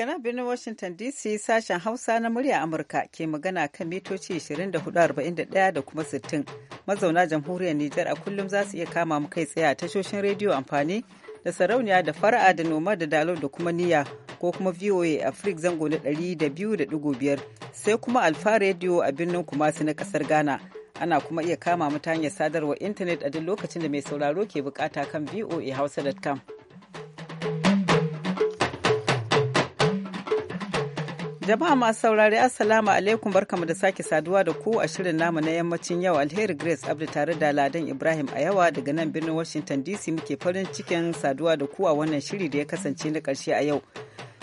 Daga birnin Washington DC sashen Hausa na murya Amurka ke magana kan mitoci 24,41 da kuma 60. Mazauna jamhuriyar Nijar a kullum za su iya kama mu kai tsaye a tashoshin rediyo amfani da sarauniya da fara'a da noma da dalo da kuma niyya ko kuma VOA Africa zango na 200.5 sai kuma Alfa Radio a birnin Kumasi na kasar Ghana. Ana kuma iya kama mu ta hanyar sadarwar intanet a duk lokacin da mai sauraro ke bukata kan voahausa.com. Jama'a masu saurari Assalamu alaikum barkamu da sake saduwa da ku a shirin namu na yammacin yau alheri Grace Abdu tare da Ladan Ibrahim a yawa daga nan birnin Washington DC muke farin cikin saduwa da ku a wannan shiri da ya kasance na karshe a yau.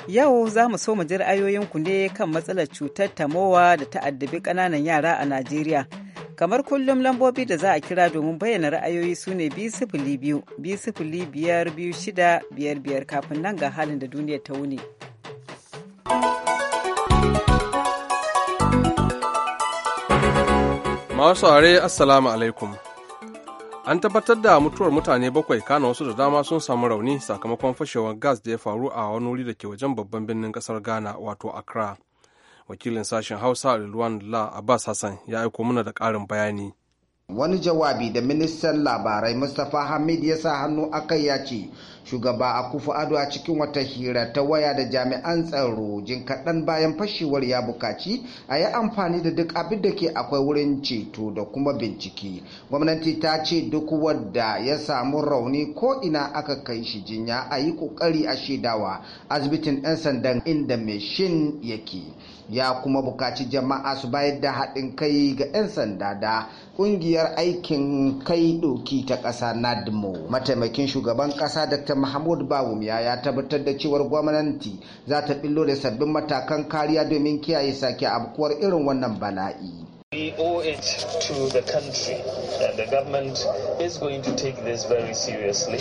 Yau za mu so mu ji ra'ayoyinku ne kan matsalar cutar tamowa da ta addabi ƙananan yara a Najeriya. Kamar kullum lambobi da za a kira domin bayyana ra'ayoyi su ne biyu sifili biyu, bi sifili biyar biyu shida biyar biyar kafin nan ga halin da duniya ta wuni. Masu saurare Assalamu alaikum. An tabbatar da mutuwar mutane bakwai kana wasu da dama sun samu rauni sakamakon fashewar gas da ya faru a wani wuri da ke wajen babban birnin kasar Ghana wato Accra. Wakilin sashen Hausa Rilwan La Abbas Hassan ya aiko mana da karin bayani. Wani jawabi da ministan labarai Mustapha Hamid ya sa hannu akai ya ce shugaba a akufu ado a cikin wata hira ta waya da jami'an tsaro jin kaɗan bayan fashewar ya bukaci a yi amfani da duk abin da ke akwai wurin ceto da kuma bincike gwamnati ta ce duk wadda ya samu rauni ko ina aka kai shi jinya a yi kokari a shaidawa asibitin 'yan sandan inda meshin yake ya kuma bukaci jama'a su bayar da haɗin kai ga 'yan sanda da ƙungiyar aikin kai ɗoki ta ƙasa nadmo mataimakin shugaban ƙasa dr mahmud bawumia ya tabbatar da cewar gwamnati za ta billo da sabbin matakan kariya domin kiyaye sake abkuwar irin wannan bala'i We owe the country is going take this very seriously.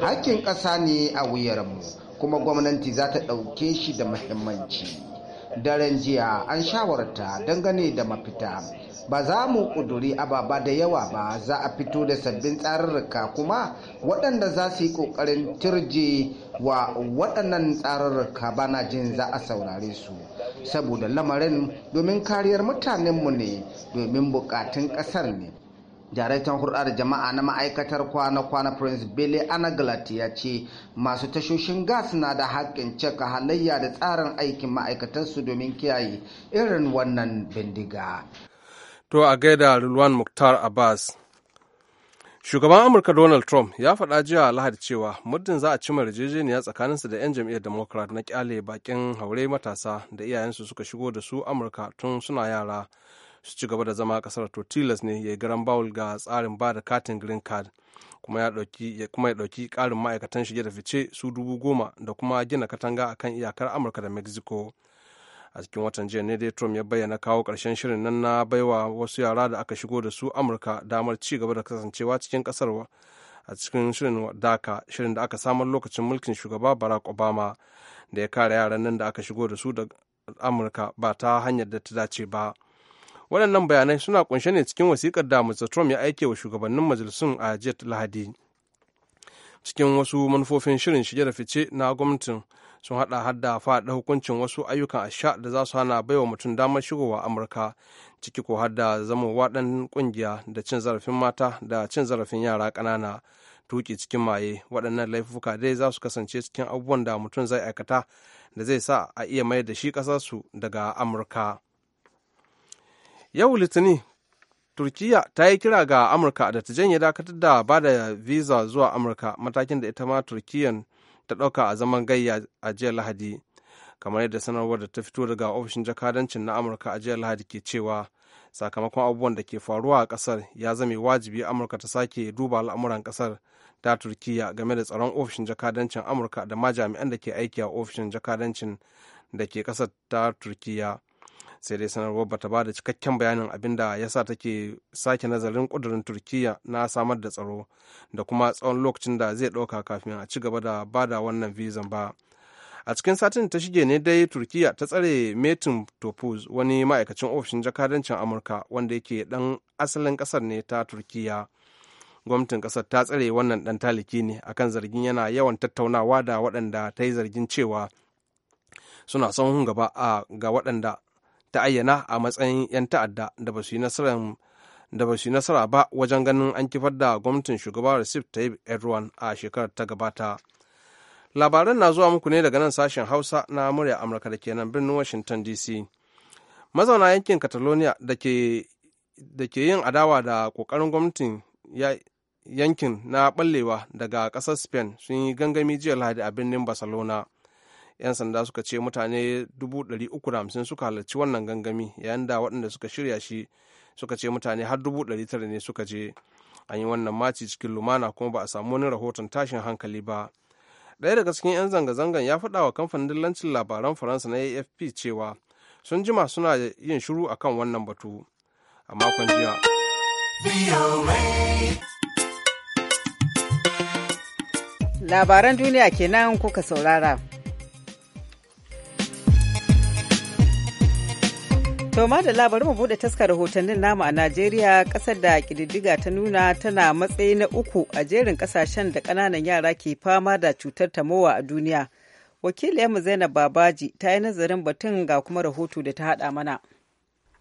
Hakkin ƙasa ne a wuyar mu, kuma gwamnati za ta ɗauke shi da muhimmanci. Daren jiya an shawarta dangane da mafita ba za mu ƙuduri ababa da yawa ba za a fito da sabbin tsararraka kuma waɗanda za su yi ƙoƙarin turje wa waɗannan tsarurruka bana jin za a saurare su saboda lamarin domin kariyar mutanenmu ne domin buƙatun ƙasar ne daraktan hurɗar jama'a na ma'aikatar kwana-kwana prince billy anaglat ya ce masu tashoshin gas na da haƙƙin cika halayya da tsarin aikin ma'aikatarsu domin kiyaye irin wannan bindiga To a gaida Rulwan Mukhtar Abbas. Shugaban Amurka Donald Trump ya faɗa jiya Lahadi cewa muddin za a cima yarjejeniya tsakaninsa da 'yan jam'iyyar Democrat na kyale bakin haure matasa da iyayensu suka shigo da su Amurka tun suna yara su ci gaba da zama kasar to tilas ne ya yi garan bawul ga tsarin ba da katin green card kuma ya ɗauki ƙarin ma'aikatan shige da fice su dubu goma da kuma gina katanga akan iyakar Amurka da Mexico. a cikin watan jiya ne dai trump ya bayyana kawo ƙarshen shirin nan na baiwa wasu yara da aka shigo da su amurka damar ci gaba da kasancewa cikin kasar a cikin shirin daka shirin da aka samar lokacin mulkin shugaba barack obama da ya kare yaran nan da aka shigo da su da amurka ba ta hanyar da ta dace ba waɗannan bayanai suna kunshe ne cikin wasikar da mr trump ya aike wa shugabannin majalisun a jet lahadi cikin wasu manufofin shirin shige da fice na gwamnatin sun hada hadda da faɗa hukuncin wasu ayyukan asha da za su hana baiwa mutum damar shigowa amurka ciki ko hadda zama waɗan ƙungiya da cin zarafin mata da cin zarafin yara ƙanana tuki cikin maye waɗannan laifuka dai za su kasance cikin abubuwan da mutum zai aikata da zai sa a iya mayar da shi ƙasarsu daga amurka yau litinin turkiya ta yi kira ga amurka da ta janye dakatar da ba da visa zuwa amurka matakin da ita ma turkiyan ta ɗauka a zaman gayya a jiya Lahadi, kamar yadda sanarwar da ta fito daga ofishin jakadancin na Amurka a jiya Lahadi ke cewa sakamakon abubuwan da ke faruwa a ƙasar ya zame wajibi Amurka ta sake duba al'amuran ƙasar ta Turkiyya game da tsaron ofishin jakadancin Amurka da ma jami'an da ke aiki a ofishin jakadancin da ke ƙasar ta Turkiyya. sai dai sanarwar bata ba da cikakken bayanin abin da ya sa take sake nazarin kudurin turkiya na samar da tsaro da kuma tsawon lokacin da zai ɗauka kafin a ci gaba da ba da wannan vizan ba a cikin satin ta shige ne dai turkiya ta tsare metin topuz wani ma'aikacin ofishin jakadancin amurka wanda yake ɗan asalin ƙasar ne ta turkiya gwamnatin kasar ta tsare wannan dan taliki ne akan zargin yana yawan tattaunawa da waɗanda ta yi zargin cewa suna son gaba a ga waɗanda ta ayyana a matsayin 'yan ta'adda da ba su yi nasara ba wajen ganin an kifar da gwamnatin shugaba recep tayyip erdogan a shekarar ta gabata labaran na zuwa muku ne daga nan sashen hausa na murya amurka da ke nan birnin washington dc mazauna yankin catalonia da ke yin adawa da kokarin gwamnatin yankin na ɓallewa daga ƙasar spain sun yi gangami jiya lahadi a birnin barcelona 'yan sanda suka ce mutane 350 suka halarci wannan gangami yayin da waɗanda suka shirya shi suka ce mutane har 900 ne suka je an yi wannan maci cikin lumana kuma ba a samu wani rahoton tashin hankali ba ɗaya daga cikin 'yan zanga-zangan ya faɗa wa kamfanin dillancin labaran faransa na afp cewa sun jima suna yin shiru akan wannan batu a makon jiya labaran duniya kenan kuka saurara To da bari mu bude taskar rahotannin namu a Najeriya kasar da kididdiga ta nuna tana matsayi na uku a jerin kasashen da ƙananan yara ke fama da cutar tamowa a duniya. Wakiliyarmu Zainab Babaji ta yi nazarin batun ga kuma rahoto da ta haɗa mana.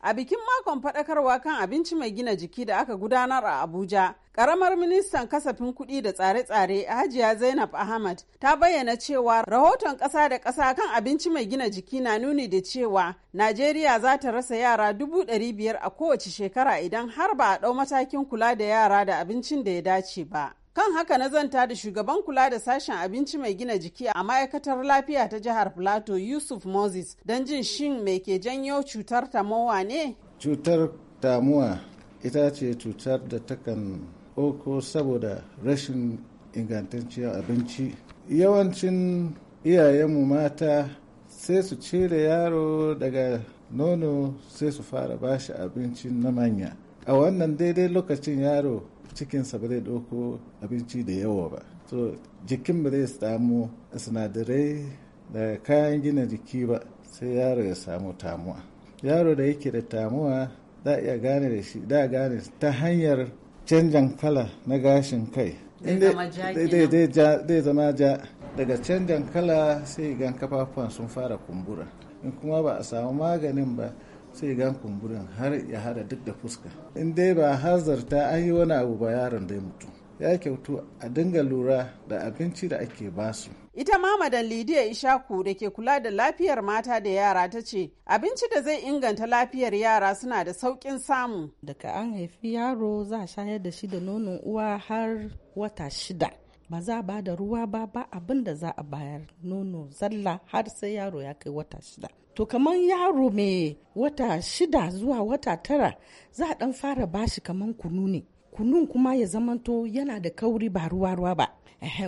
A bikin makon faɗakarwa kan abinci mai gina jiki da aka gudanar a Abuja, ƙaramar ministan kasafin kuɗi da tsare-tsare Hajiya Zainab Ahmad ta bayyana cewa rahoton ƙasa da ƙasa kan abinci mai gina jiki na nuni da cewa Najeriya za ta rasa yara dubu ɗari biyar a kowace shekara idan har ba a ɗau matakin kula da yara da abincin da ya dace ba. kan haka na zanta da shugaban kula da sashen abinci mai gina jiki a ma'aikatar lafiya ta jihar plateau yusuf moses don jin shin mai ke janyo cutar tamowa ne cutar tamuwa ita ce cutar da takan oko saboda rashin ingantacciyar abinci yawancin iyayenmu mata sai su cire yaro daga nono sai su fara bashi abinci na manya a wannan daidai lokacin yaro cikinsa ba zai ɗauko abinci da yawa ba so jikin ba zai samu sinadarai da kayan gina jiki ba sai yaro ya samu tamuwa yaro da yake da tamuwa za a iya gane da shi da gane ta hanyar canjan kala na gashin kai zai zama ja daga canjan kala sai gan kafafuwan sun fara kumbura in kuma ba a samu maganin ba sai gan kumburin har ya hada duk da fuska in dai ba hazarta an yi wani abu ba yaron dai mutu ya kyautu a dinga lura da abinci da ake basu ita ma madan lidiya ishaku da ke kula da lafiyar mata da yara ta ce abinci da zai inganta lafiyar yara suna da saukin samu daga an haifi yaro za a shayar da shi da nonon uwa har wata shida ba za a ba da ruwa ba ba abin da za a bayar nono zalla har sai yaro ya kai wata shida to kamar yaro mai wata shida zuwa wata tara za a dan fara bashi kamar kunu ne kunun kuma ya zamanto yana da kauri ba ruwa-ruwa ba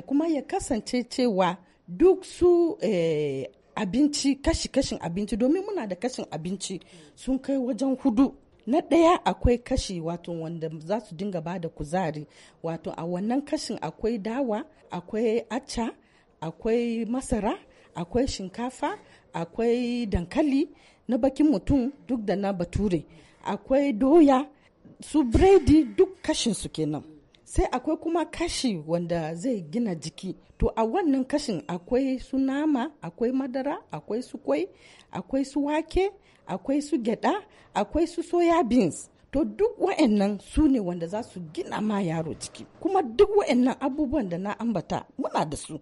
kuma ya kasance cewa duk su eh, abinci kashi-kashin abinci domin muna da kashin abinci sun kai wajen hudu na ɗaya akwai kashi wato wanda za su dinga ba da kuzari wato a wannan kashin akwai dawa akwai acha, akwai masara akwai shinkafa akwai dankali na bakin mutum duk da na bature akwai doya su biredi duk kashin su kenan sai akwai kuma kashi wanda zai gina jiki to a wannan kashin akwai su nama akwai madara akwai su kwai akwai su wake akwai su gyada akwai su soya beans to duk wa'annan su ne wanda za su gina ma yaro jiki kuma duk wa'annan abubuwan da na ambata muna da su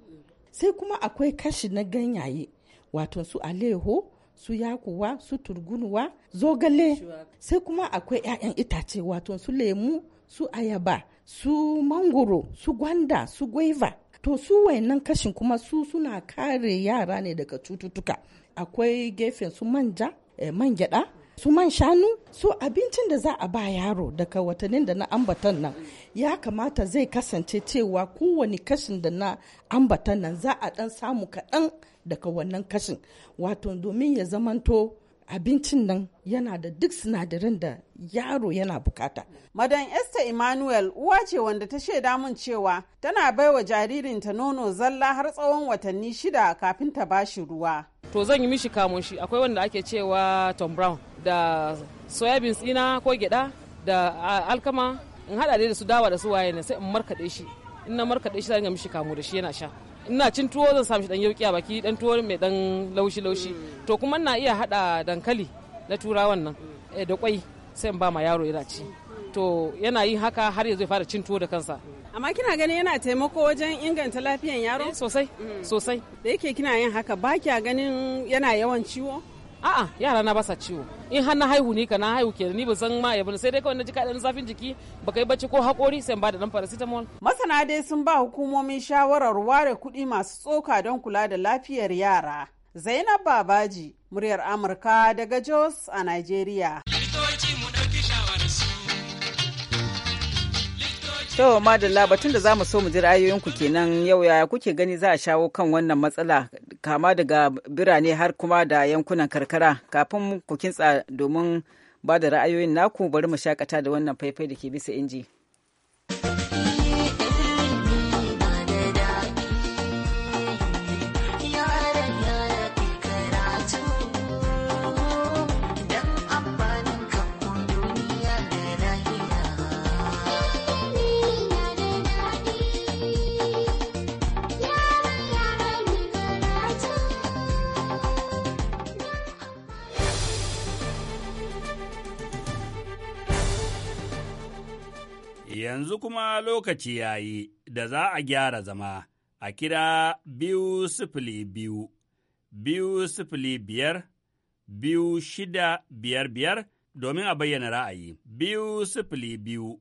sai kuma akwai kashi na ganyaye wato su aleho su yakuwa su turgunuwa zogale sai kuma akwai 'ya'yan itace wato su lemu su ayaba su mangoro su gwanda su gwaiva to su wayannan kashin kuma su suna kare yara ne daga cututtuka akwai gefen su manja eh, man gyada su man shanu su abincin da za a ba yaro daga watannin da na ambatan nan ya kamata zai kasance cewa kowane kashin da na ambatan nan za a dan samu kaɗan daga wannan kashin wato domin ya zamanto abincin nan yana da duk sinadarin da yaro yana bukata. Madan Esther Emmanuel uwa ce wanda ta shaida mun cewa tana baiwa jaririnta nono zalla har tsawon watanni shida kafin ta bashi ruwa. To zan yi mishi kamun shi akwai wanda ake cewa Tom Brown da soyabins ina ko gyada da alkama in haɗa da su dawa da su waye ne sai in markaɗe shi in na markaɗe shi zan yi mishi kamu da shi yana sha. ina cin tuwo zan samu shi dan yauki a baki dan tuwo mai dan laushi laushi mm. to kuma ina iya hada dankali na turawan nan mm. eh, da kwai sai in ba ma yaro yana ci to yana yin haka har ya zai fara cin tuwo da kansa mm. amma kina ganin yana taimako wajen inganta lafiyan yaro eh, sosai sosai da yake kina yin haka ba kya ganin yana yawan ciwo a'a yara na basa ciwo in har na haihu ne ka na haihu ke ni ba zan ma ya bani sai dai kawai na ji kaɗan zafin jiki ba kai bacci ko haƙori sai ba da ɗan paracetamol. masana dai sun ba hukumomin shawarar ware kuɗi masu tsoka don kula da lafiyar yara zainab babaji muryar amurka daga jos a nigeria. To madalla batun da za mu so mu ji ra'ayoyinku kenan yau yaya kuke gani za a shawo kan wannan matsala kama daga birane har kuma da yankunan karkara kafin ku kintsa domin ba da ra'ayoyin naku bari mu shakata da wannan faifai da ke bisa inji. yanzu kuma lokaci ya yi da za a gyara zama a kira biyu sifili biyu, biyu sifili biyar, biyu shida biyar biyar domin a bayyana ra'ayi, biyu sifili biyu,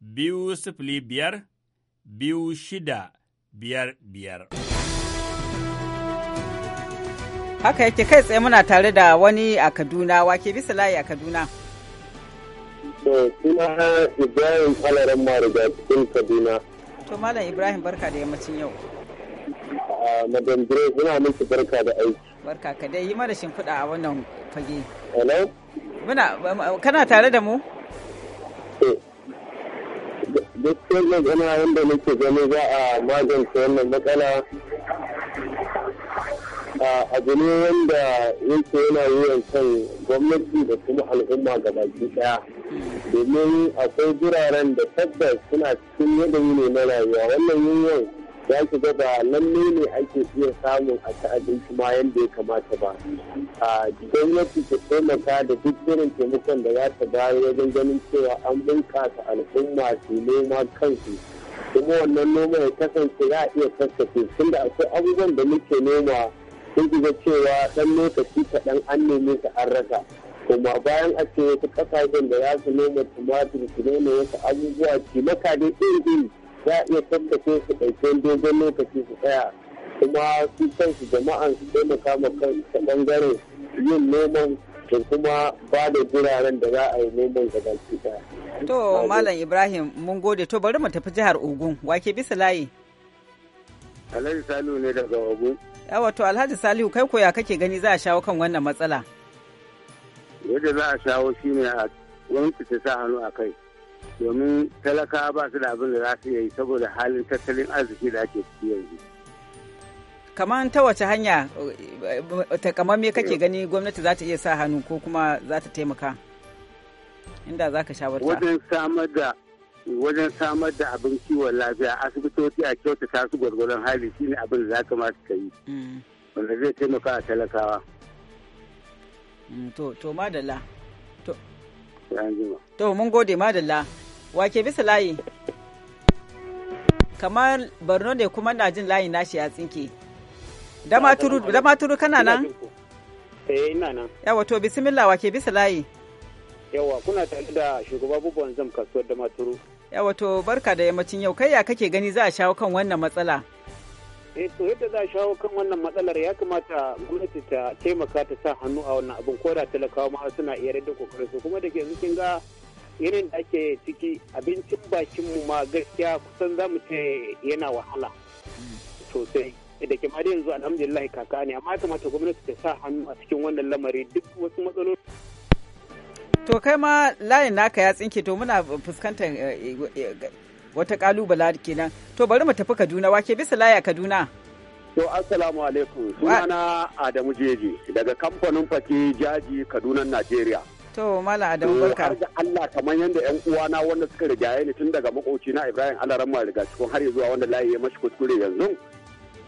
biyu sifili biyar, biyu shida biyar biyar. Haka yake kai tsaye muna tare da wani a Kaduna, wake bisa layi a Kaduna. da suna Ibrahim Alaran Mariga cikin Kaduna. To Malam Ibrahim barka da yammacin yau. Madam muna miki barka da aiki. Barka ka dai yi mana shimfiɗa a wannan fage. Hello? Muna kana tare da mu? Gaskiyar magana wanda nake gani za a magance wannan matsala abu ne wanda yake yana yi kan gwamnati da kuma al'umma ga baki daya domin akwai guraren da tabbas suna cikin yanayi ne na rayuwa wannan yunwa ya shiga ba lalle ne ake iya samun a ta abinci ma yadda ya kamata ba a gwamnati ta taimaka da duk irin taimakon da za ta bayar wajen ganin cewa an bunkasa al'umma su noma kansu kuma wannan noma ya kasance za a iya kaskace tunda akwai abubuwan da muke noma sun ji cewa ɗan lokaci kaɗan an neme ta an rasa kuma bayan a ce wasu kasashen da ya su noma tumatir su noma wasu abubuwa maka da ɗin za a iya tabbace su ɗauke dogon lokaci su tsaya kuma su kansu jama'an su taimaka ma kansu ta ɓangaren yin noman da kuma ba da guraren da za a yi noman ga baki To Malam Ibrahim mun gode to bari mu tafi jihar Ogun wake bisa layi. Alhaji Salu ne daga Ogun. wato alhaji salihu kai koya kake gani za a shawo kan wannan matsala yadda za a shawo ne a wani ta sa hannu a kai domin talaka ba su da abin da za su yi saboda halin tattalin arziki da ake ciki yanzu kamar ta wace hanya me kake gani gwamnati za ta iya sa hannu ko kuma za ta taimaka inda za ka shawarta wajen samar da wajen samar da abin kiwon lafiya asibitoci a kyauta ta su gwargwaron hali shine abin da za ka masu ka yi mm. wanda zai taimaka a talakawa mm, to to madalla to to mun gode madalla wake bisa layi kamar barno ne kuma na jin layi nashi ya tsinke dama turu kana nan eh ina nan yawa to bismillah wake bisa layi yawa kuna tare da shugaba bubuwan zam kasuwar dama turu ya wato barka da yammacin yau kai ya kake gani za a shawo kan wannan matsala eh to yadda za a shawo kan wannan matsalar ya kamata gwamnati ta taimaka ta sa hannu a wannan abin ko da talakawa ma suna iya da kokarin su kuma da ke yanzu kin ga irin da ake ciki abincin bakin mu ma gaskiya kusan za mu ce yana wahala sosai da ke yanzu alhamdulillah kaka ne amma kamata gwamnati ta sa hannu a cikin wannan lamari duk wasu matsaloli To kai ma layin naka ya tsinke to muna fuskantar eh, eh, eh, wata kalubala kenan. To bari mu tafi Kaduna wake bisa laya Kaduna. To assalamu alaikum sunana Adamu Jeji daga kamfanin fake jaji Kaduna Najeriya. To Mala Adamu barka. Har Allah kamar yadda ƴan uwana wanda suka rigaye ni tun daga makoci na Ibrahim Alaramma daga cikin har zuwa wanda layi ya mashi kuskure yanzu.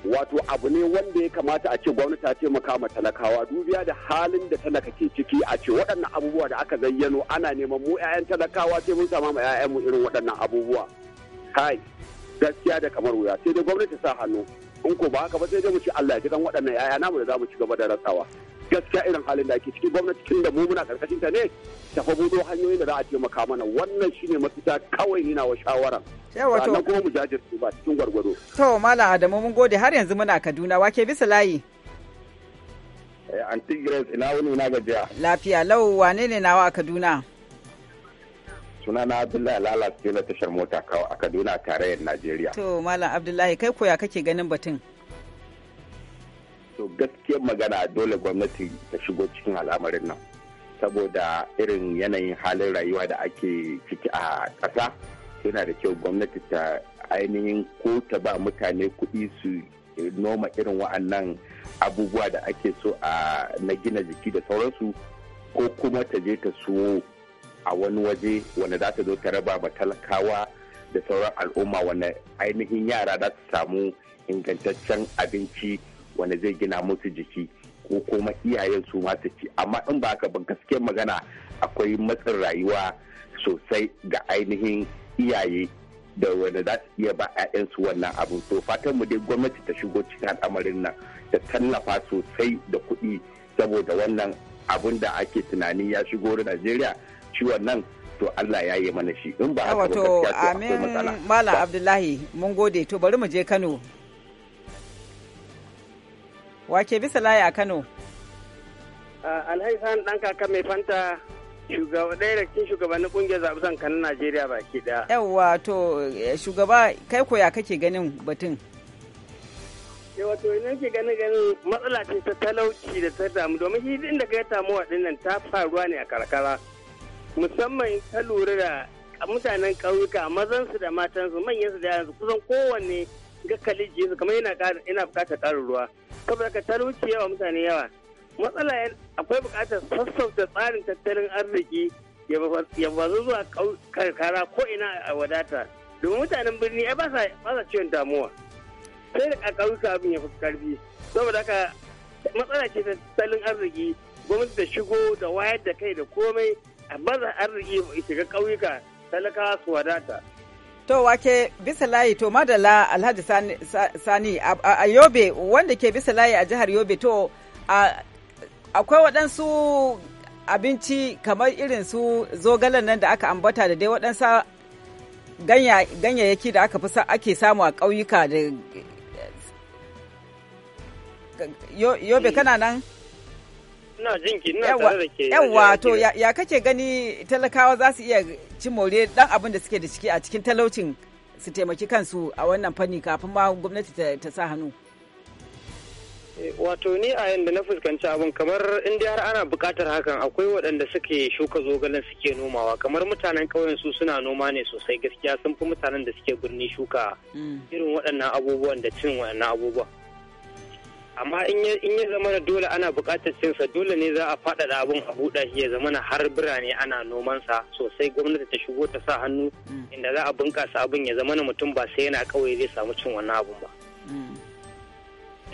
wato abu ne wanda ya kamata a ce gwamnati ta taimaka ma talakawa dubiya da halin da talaka ke ciki a ce waɗannan abubuwa da aka zayyano ana neman mu 'ya'yan talakawa sai mun sama ma mu irin waɗannan abubuwa kai gaskiya da kamar wuya sai dai gwamnati sa hannu in ko ba haka ba sai dai mu ci Allah ya ji dan waɗannan 'ya'ya namu da zamu ci gaba da rasawa gaskiya irin halin da ake ciki gwamnati tun da mu muna karkashin ta ne ta fa budo hanyoyin da za a taimaka mana wannan shine mafita kawai yana wa shawara yawa to kuma mu jajirce ba cikin gwargwado to malam Adamu mun gode har yanzu muna Kaduna wake bisa layi eh, Anti Grace ina wuni na gajiya lafiya lau wane ne nawa a Kaduna suna na Abdullahi Lala na tashar mota a Kaduna tarayyar Najeriya to malam Abdullahi kai koya kake ganin batun so gaskiyar magana dole gwamnati ta shigo cikin al'amarin nan saboda irin yanayin halin rayuwa da ake ciki a ƙasa yana da kyau gwamnati ta ainihin ko ta ba mutane kuɗi su noma irin wa'annan abubuwa da ake so a na gina jiki da sauransu ko kuma ta je ta suwo a wani waje wanda za ta zo ta raba ba talakawa da sauran al'umma wanda ainihin yara za su samu ingantaccen abinci wanda zai gina musu jiki ko kuma iyayen su ma su ci amma in ba haka ba gaskiyar magana akwai matsin rayuwa sosai ga ainihin iyaye da wanda za su iya ba su wannan abu to fatan mu dai gwamnati ta shigo cikin al'amarin nan ta tallafa sosai da kuɗi saboda wannan abun da ake tunani ya shigo Najeriya ciwon nan to Allah ya yi mana shi in ba haka ba gaskiya to akwai matsala Malam Abdullahi mun gode to bari mu je Kano Wake bisa layi a Kano? Alhaji Sani ɗan kaka mai fanta shugaba ɗaya da cikin shugabannin ƙungiyar zaɓi zan kanin Najeriya baki ɗaya. Yawwa to eh, shugaba kai ko ya kake ganin batun? Yawa eh, to yanzu ke ganin ganin matsala ce ta talauci da ta damu domin shi da ka yi tamuwa ɗinnan ta faruwa ne a karkara. Musamman ta lura da mutanen ƙauyuka mazansu da matansu manyansu da yaransu kusan kowanne ga kaliji yanzu kamar yana yana buƙatar ƙarin ruwa saboda ka talauci yawa mutane yawa matsala akwai buƙatar sassauta tsarin tattalin arziki ya bazu zuwa karkara ko ina a wadata domin mutanen birni ai ba sa ciwon damuwa sai da ƙaƙaruka abin ya fi saboda ka matsala ce ta tattalin arziki gwamnati da shigo da wayar da kai da komai a baza arziki shiga kauyuka talakawa su wadata To wake bisa layi to madala Alhaji Sani a Yobe wanda ke bisa layi a jihar Yobe to akwai waɗansu abinci kamar irin su zogalen nan da aka ambata da dai waɗansa ganyayyaki da aka fi ake samu a ƙauyuka da Yobe kana nan? Ina jinki, ina tare da ke. Yawwa, to ya kake gani talakawa za su iya ci more dan abin da suke da ciki a cikin talaucin su taimaki kansu a wannan fanni kafin ma gwamnati ta sa hannu. Eh, wato ni a yadda na fuskanci abin kamar in har ana bukatar hakan akwai waɗanda suke shuka zogalen suke nomawa kamar mutanen ƙauyen su suna noma ne sosai gaskiya sun fi mutanen da suke birni shuka mm. irin waɗannan abubuwan da cin waɗannan abubuwan amma in ya zama na dole ana bukatar cinsa dole ne za a faɗaɗa abin a buɗa shi ya zama na har birane ana nomansa sosai gwamnati ta shigo ta sa hannu mm. inda za a bunƙasa abin ya zama na mutum ba sai yana kawai zai samu cin wannan abin ba. Mm.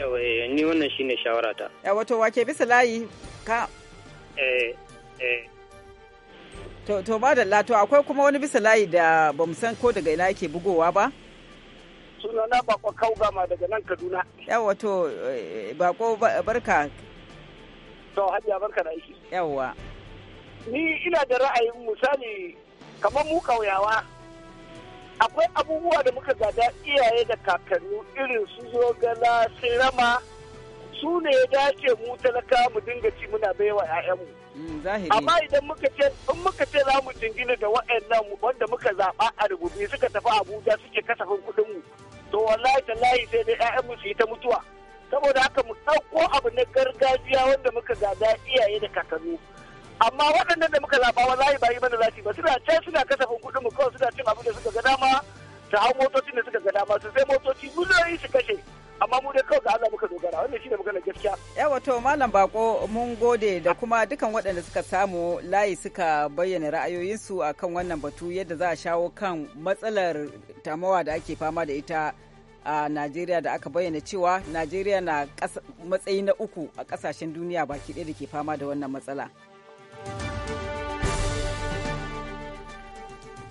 Eh, ni wannan shi ne shawara ta. Ya wato wake bisa layi ka. Eh eh. To to ba da lato akwai kuma wani bisa layi da bamu san ko daga ina yake bugowa ba. sunana bako kaugama daga nan kaduna yawa to eh, bako barka to hajiya barka da aiki yawa ni ina da ra'ayin misali kamar mu kauyawa akwai abubuwa da muka gada iyaye da kakanni irin su zogala sai rama su ne ya dace mu talaka mu dinga ci muna baiwa 'ya'yanmu. Mm, Amma idan muka ce in muka ce za mu jingina da wa'annan wanda muka zaɓa a rububi suka tafi Abuja suke kasafin kuɗinmu. to wallahi tallahi sai dai ƴaƴan mu su yi ta mutuwa saboda haka mu ɗauko abu na gargajiya wanda muka gada iyaye da kakanni amma waɗannan da muka zaɓa wallahi ba yi mana zafi ba suna can suna kasafin kuɗin mu kawai suna cin abin da suka ga dama ta hau motocin da suka ga dama su sai motoci miliyoyi su kashe yawato malam bako mun gode da kuma dukan waɗanda suka samu layi suka bayyana ra'ayoyinsu a kan wannan batu yadda za a shawo kan matsalar tamawa da ake fama da ita a najeriya da aka bayyana cewa najeriya na matsayi na uku a ƙasashen duniya baki ɗaya da ke fama da wannan matsala.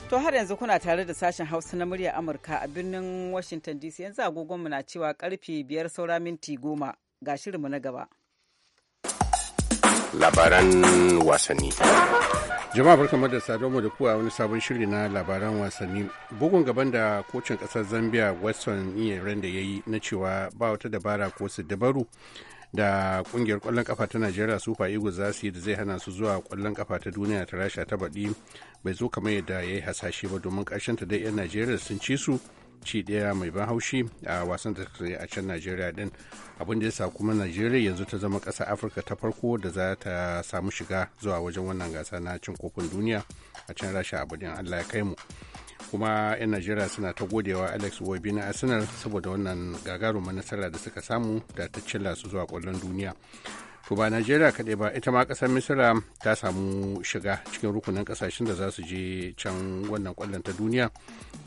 To har yanzu kuna tare da sashen Hausa na murya Amurka a birnin Washington DC yanzu agogonmu na cewa karfe biyar saura minti goma ga shirinmu na gaba. Labaran wasanni. jama'a barkamu da sadarwa da kuwa wani sabon shiri na labaran wasanni bugun gaban da kocin kasar zambia weston inyeren da ya yi na cewa ba wata dabara ko su dabaru da kungiyar kwallon kafa ta najeriya super eagles za su yi da zai hana su zuwa kwallon kafa ta duniya ta rasha ta baɗi bai zo kamar yadda ya yi hasashe ba domin ƙarshen ta dai 'yan najeriya sun ci su ci daya mai ban haushi a wasan da ta a can najeriya din abin da ya sa kuma najeriya yanzu ta zama ƙasa afirka ta farko da za ta samu shiga zuwa wajen wannan gasa na cin kofin duniya a can rasha din allah ya kai mu kuma 'yan najeriya suna ta godewa alex wobi na arsenal saboda wannan gagarumar nasara da suka samu da ta cilla su zuwa kwallon duniya to ba najeriya kaɗai ba ita ma ƙasar misira ta samu shiga cikin rukunin ƙasashen da za su je can wannan ƙwallon ta duniya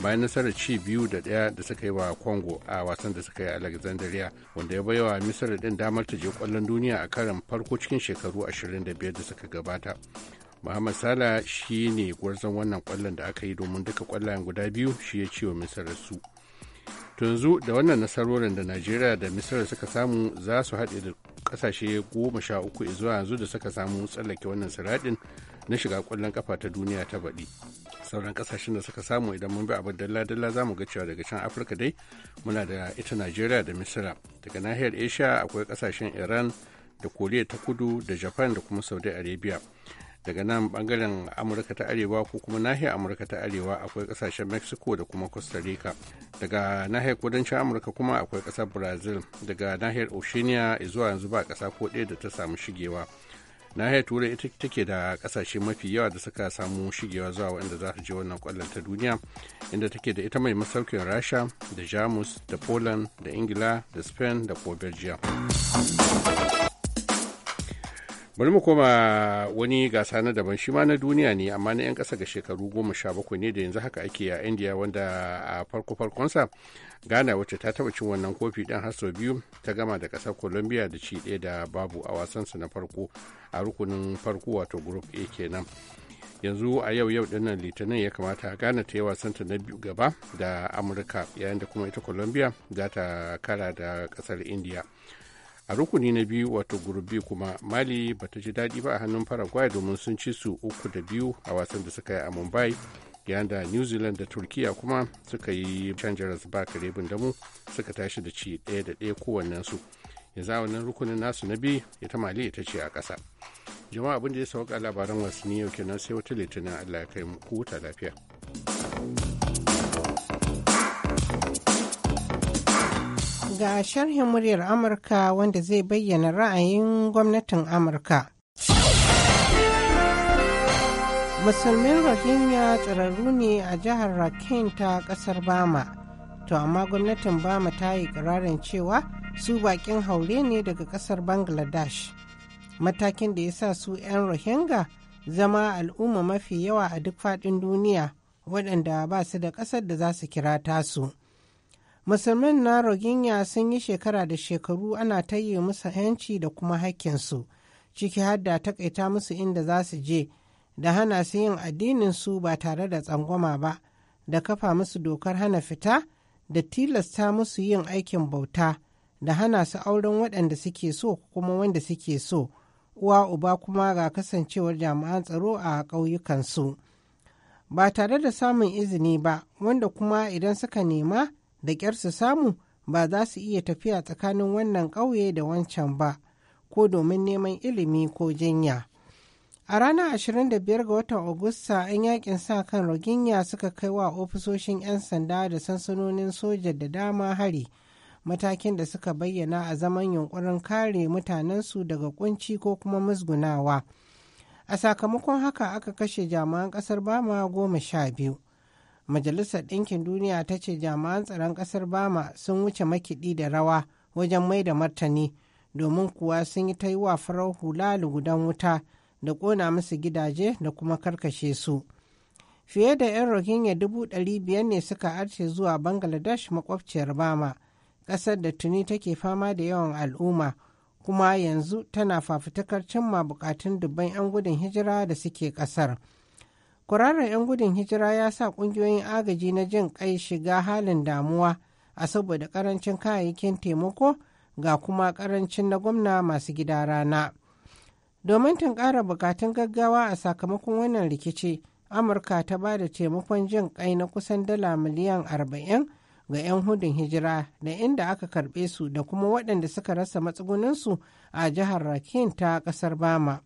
bayan nasarar ci biyu da ɗaya da suka yi wa congo a wasan da suka yi a alexandria wanda ya baiwa misira ɗin damar ta je ƙwallon duniya a karin farko cikin shekaru 25 da suka gabata Muhammad Sala shi ne gwarzon wannan ƙwallon da aka yi domin duka ƙwallon guda biyu shi ya ce wa misira su. yanzu da wannan nasarorin da Najeriya da misira suka samu za su haɗe da kasashe goma sha uku zuwa yanzu da suka samu tsallake wannan siradin na shiga kwallon kafa ta duniya ta baɗi sauran kasashen da suka samu idan mun bi abin dalla-dalla za mu ga cewa daga can afirka dai muna da ita najeriya da misira daga nahiyar asia akwai kasashen iran da koriya ta kudu da japan da kuma saudi arabia daga nan bangaren amurka ta arewa ko kuma nahiyar amurka ta arewa akwai kasashen mexico da kuma costa rica daga nahiyar kudancin amurka kuma akwai kasar brazil daga nahiyar oceania zuwa yanzu ba kasa ko ɗaya da ta samu shigewa nahiyar turai ita take da kasashe mafi yawa da suka samu shigewa zuwa waɗanda za su je wannan kwallon ta duniya inda take da ita mai masaukin rasha da jamus da poland da ingila da spain da ko belgium bari mu koma wani gasa na daban shi ma na duniya ne amma na 'yan kasa ga shekaru goma sha bakwai ne da yanzu haka ake a indiya wanda a farko farkonsa ghana wacce ta taba cin wannan kofi ɗin har sau biyu ta gama da kasar colombia da ci daya da babu a wasansa na farko a rukunin farko wato group a kenan yanzu a yau yau dinnan litinin ya kamata ghana ta yi wasanta na biyu gaba da amurka yayin da kuma ita colombia za ta kara da kasar indiya. a rukuni na biyu wato gurbi kuma mali bata ji daɗi ba a hannun paraguay domin sun ci su uku da biyu a wasan da suka yi a mumbai yayin da new zealand da turkiya kuma suka yi canjaras ba karebin mu suka tashi da ci ɗaya da ɗaya su yanzu a wannan rukunin nasu na biyu ya ta mali ita ce a ƙasa jama'a abin da ya sauka labaran wasanni yau kenan sai wata litinin allah ya kai mu huta lafiya Ga sharhin muryar Amurka wanda zai bayyana ra'ayin gwamnatin Amurka. Musulmin Rohingya tsararru ne a jihar Rakhine ta kasar Bama. To amma gwamnatin Bama ta yi kirarin cewa su bakin haure ne daga kasar Bangladesh. Matakin da ya sa su 'yan Rohingya zama al'umma mafi yawa a duk faɗin duniya waɗanda ba su da ƙasar da za su kira tasu. musulmin na roginya sun yi shekara da shekaru ana tayye musu 'yanci da kuma haƙƙinsu ciki har da takaita musu inda za su je da hana su yin addininsu ba tare da tsangwama ba da kafa musu dokar hana fita da tilasta musu yin aikin bauta da hana su auren waɗanda suke so kuma wanda suke so uwa uba kuma ga kasancewar jami'an tsaro a ƙauyukansu ba tare da samun izini ba wanda kuma idan suka nema da ƙyar su samu ba za su iya tafiya tsakanin wannan ƙauye da wancan ba ko domin neman ilimi ko jinya. A ranar 25 ga watan Agusta, 'yan yakin sa kan Roginya suka kai wa ofisoshin 'yan sanda da sansanonin soja da dama hari, matakin da suka bayyana a zaman yunkurin kare mutanensu daga kunci ko kuma musgunawa. A sakamakon haka aka kashe jami'an ƙasar Bama goma sha biyu. majalisar ɗinkin duniya ta ce jami'an tsaron ƙasar bama sun wuce makiɗi da rawa wajen mai da martani domin kuwa sun yi ta yi wa farar hula lugudan wuta da ƙona musu gidaje da kuma karkashe su fiye da 'yan rohingya dubu ɗari biyar ne suka arce zuwa bangladesh makwabciyar bama ƙasar da tuni take fama da yawan al'umma kuma yanzu tana fafutukar cimma bukatun dubban 'yan gudun hijira da suke ƙasar. Kwararar 'yan gudun hijira ya sa ƙungiyoyin agaji na jin kai shiga halin damuwa a saboda ƙarancin kayayyakin taimako ga kuma ƙarancin na gwamna masu gida rana. Domin tunƙara bukatun gaggawa a sakamakon wannan rikici, Amurka ta ba da taimakon jin ƙai na kusan dala miliyan 40 ga 'yan hudun hijira da inda aka karɓe su da kuma waɗanda suka rasa matsugunansu a jihar rakin ta ƙasar Bama.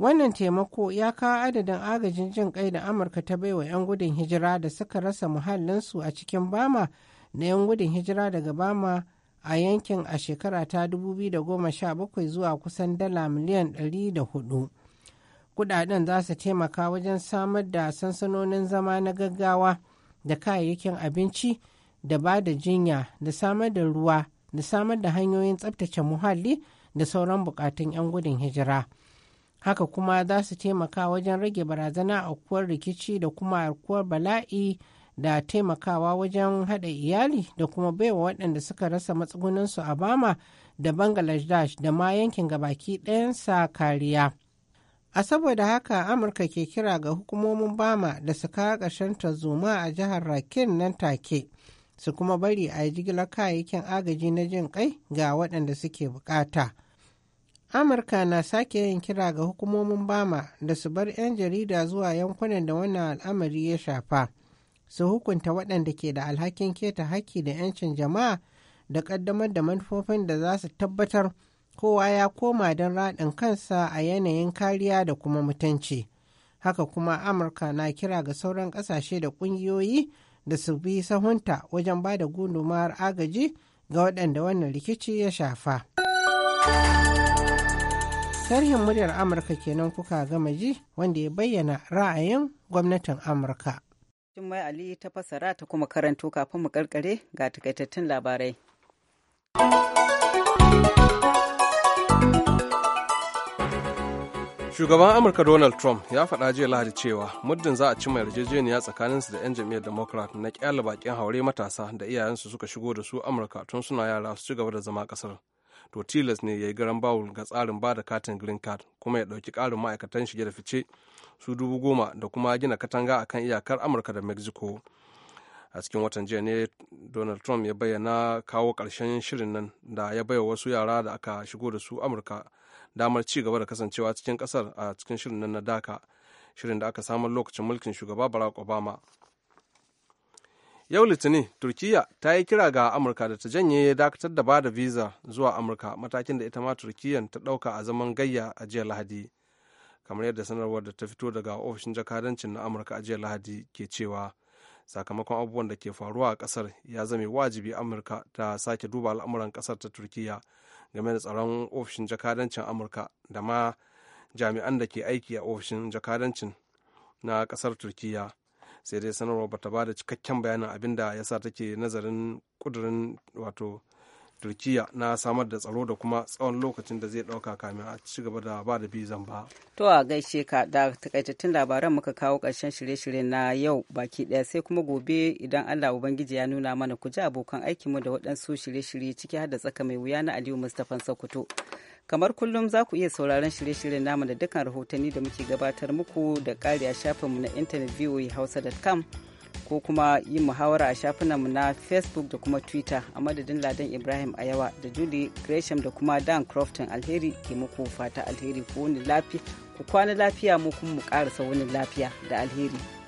Wannan taimako ya kawo adadin agajin jin kai da Amurka ta baiwa 'yan gudun hijira da suka rasa muhallinsu a cikin Bama na 'yan gudun hijira daga Bama a yankin a shekara ta 2017 zuwa kusan dala miliyan 104. Kudaden za su taimaka wajen samar da sansanonin zama na gaggawa da kayayyakin abinci da ba da jinya da samar da ruwa da samar da hanyoyin tsabtace muhalli da sauran bukatun 'yan gudun hijira. haka kuma za su taimaka wajen rage barazana aukuwar rikici da kuma aukuwar bala'i da taimakawa wajen haɗa iyali da kuma baiwa waɗanda suka rasa matsugunansu a bama da bangladesh da ma yankin gabaki ɗayansa kariya a saboda haka amurka ke kira ga hukumomin bama da su kawo ƙarshen tarzoma a jihar rakin nan take su kuma bari a yi jigilar kayayyakin agaji na jin kai ga waɗanda suke bukata. amurka na sake yin kira ga hukumomin bama da su bar 'yan jarida zuwa yankunan da wannan al'amari ya shafa su hukunta waɗanda ke da alhakin keta haƙƙi da 'yancin jama'a da ƙaddamar da manufofin da za su tabbatar kowa ya koma don raɗin kansa a yanayin kariya da kuma mutunci haka kuma amurka na kira ga sauran ƙasashe da ƙungiyoyi da su bi sahunta wajen ba da gudunmawar agaji ga waɗanda wannan rikici ya shafa. Sharhin muryar Amurka kenan kuka gama ji wanda ya bayyana ra'ayin gwamnatin Amurka. mai Ali ta fassara ta kuma karanto kafin mu karkare ga takaitattun labarai. Shugaban Amurka Donald Trump ya faɗa jiya Lahadi cewa muddin za a cimma yarjejeniya tsakaninsu da 'yan jam'iyyar Democrat na ƙyale bakin haure matasa da iyayensu suka shigo da su Amurka tun suna yara su ci gaba da zama ƙasar. to tilas ne ya yi garan bawul ga tsarin ba da katin green card kuma ya ɗauki karin ma'aikatan shige da fice su dubu goma da kuma gina katanga a kan iyakar amurka da mexico a cikin watan jiya ne donald trump ya bayyana kawo ƙarshen shirin nan da ya baiwa wasu yara da aka shigo da su amurka damar ci gaba da kasancewa cikin ƙasar a cikin shirin nan na daka shirin da aka samar lokacin mulkin shugaba barack obama yau litinin turkiya ta yi kira ga amurka da ta janye ya dakatar da bada visa zuwa amurka matakin da ita ma turkiyya ta dauka a zaman gayya a jiya lahadi kamar yadda sanarwar da ta fito daga ofishin jakadancin na amurka a jiya lahadi ke cewa sakamakon abubuwan da ke faruwa a kasar ya zame wajibi amurka ta sake duba al'amuran kasar ta turkiyya game da tsaron ofishin jakadancin amurka da ma jami'an da ke aiki a ofishin jakadancin na kasar turkiya sai dai sanarwa bata ba da cikakken bayanin abin da ya sa take nazarin kudurin wato turkiya na samar da tsaro da kuma tsawon lokacin da zai dauka kamin a ci gaba da ba da bizan ba to a gaishe ka da takaitattun labaran muka kawo karshen shirye-shirye na yau baki ɗaya sai kuma gobe idan allah ubangiji ya nuna mana ku ji abokan aikinmu da waɗansu shirye-shirye ciki har da tsaka mai wuya na aliyu mustapha sokoto kamar kullum za ku iya sauraron shirye-shiryen namu da dukkan rahotanni da muke gabatar muku da ƙari a shafinmu na intanet voahausa.com ko kuma yi muhawara a shafinanmu na facebook da kuma twitter a madadin ladan ibrahim ayawa da julie gresham da kuma dan crofton alheri ke muku fata alheri ku kwana lafiya mu kuma mu ƙarasa wani lafiya da alheri.